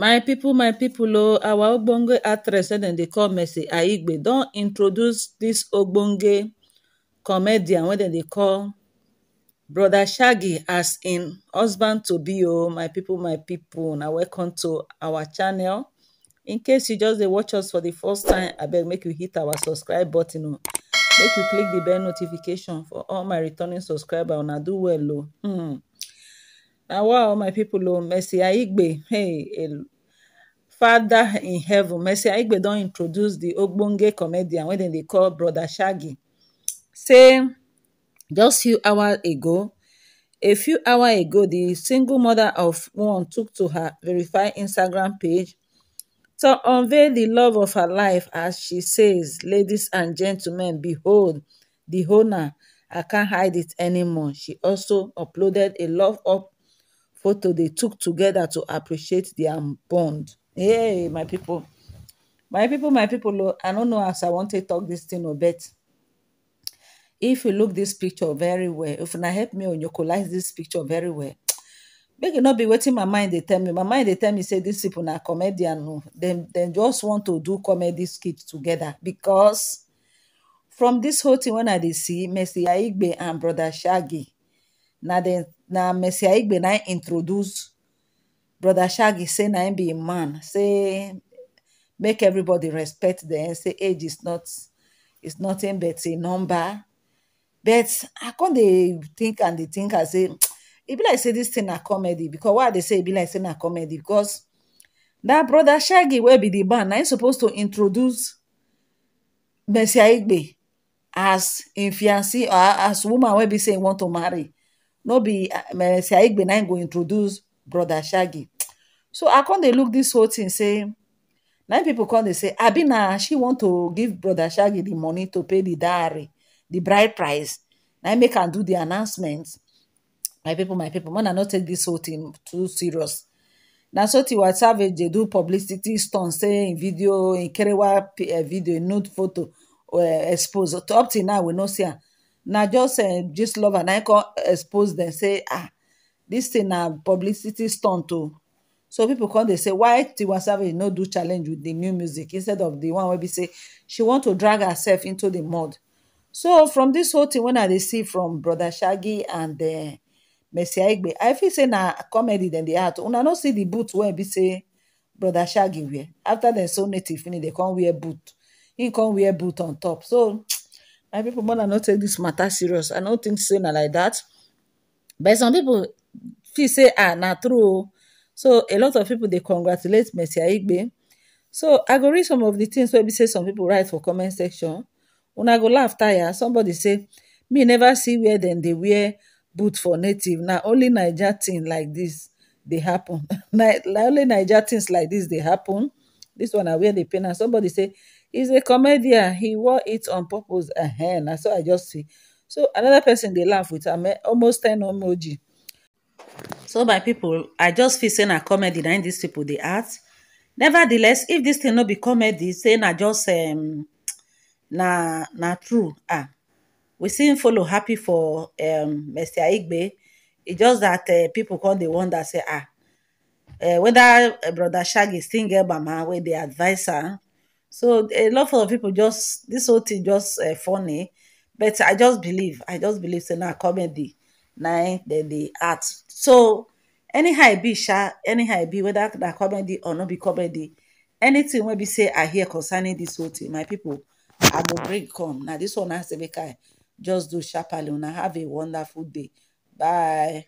my people, my people, o our ogbonge actress wey eh, dem dey call mercy aigbe don introduce dis ogbonge comedian wey dem dey call brother shaggy as im husband to be o oh, my people, my pipo na welcome to our channel in case you just dey watch us for the first time abeg make you hit our subscribe button o oh. make you click the bell notification for all my returning subscribers una do well o oh. hmm Now, wow, my people, oh, Mercy Aigbe, hey, el, Father in heaven, Mercy Aigbe not introduce the Ogbonge comedian when they call Brother Shaggy. Say, just few hours ago, a few hours ago, the single mother of one took to her verified Instagram page to unveil the love of her life as she says, Ladies and gentlemen, behold, the honor. I can't hide it anymore. She also uploaded a love up photo they took together to appreciate their bond. Hey, my people. My people, my people, I don't know as I want to talk this thing a bit. If you look this picture very well, if you help me on collize this picture very well, make it not be waiting my mind they tell me. My mind they tell me say these people are comedian. No. They, they just want to do comedy skit together because from this whole thing when I see Messi Aigbe and Brother Shaggy, now they na messiah igbe na introduce brother shaggy say na him be a man say make everybody respect them say age is not is nothing but a number but i con dey think and dey think as say e be like say dis thing na comedy because why i dey say e be like say na comedy because dat brother shaggy wey be the man na him suppose to introduce messiah igbe as him fiance or as woman wey be say im want to marry. no be eh, eh, say igbe na go introduce brother shaggy so i come they look this whole thing say nine people come they say abina she want to give brother shaggy the money to pay the diary the bride price Nine make can do the announcement my people my people man i not take this whole thing too serious na so tiwa savage they do publicity stunt say video in kerewa eh, video in nude photo expose up till now we no see am now just eh, just love and i can expose them say ah this thing a publicity stunt too. so people come they say why tiwa savage no do challenge with the new music instead of the one where we say she want to drag herself into the mud so from this whole thing when i see from brother shaggy and eh, messia Aigbe, i feel say na comedy the art. act una not see the boot where be say brother shaggy wear after they so native they can come wear boot can come wear boot on top so my people more than not take this matter serious i don't think say like that. but some people, feel say ah not true oh. so a lot of people they congratulate messi Igbe. so i go read some of the things where we say some people write for comment section When I go laugh tire somebody say me never see where then they wear boot for native Now only Niger thing like this they happen Now only Niger tins like this they happen This one I wear the pen. And somebody say he's a comedian he wore it on purpose uh-huh. na so i just see so another person they laugh with am almost ten emoji so my people, i just feel say na comedy na im dis pipo dey nevertheless if this thing not be comedy say I just um, na na true ah we seem follow happy for um, mr igbe e just that uh, pipo come dey wonder say ah uh, whether eh, brother shaggy still get mama with the advise am so a lot of people just this whole thing just uh, funny but i just believe i just believe say na comedy na dem the art. so anyhow e be sha anyhow e be whether na comedy or not be comedy anything wey be say i hear concerning this whole thing my people i will bring come Now this one has say be i just do sharply una have a wonderful day bye.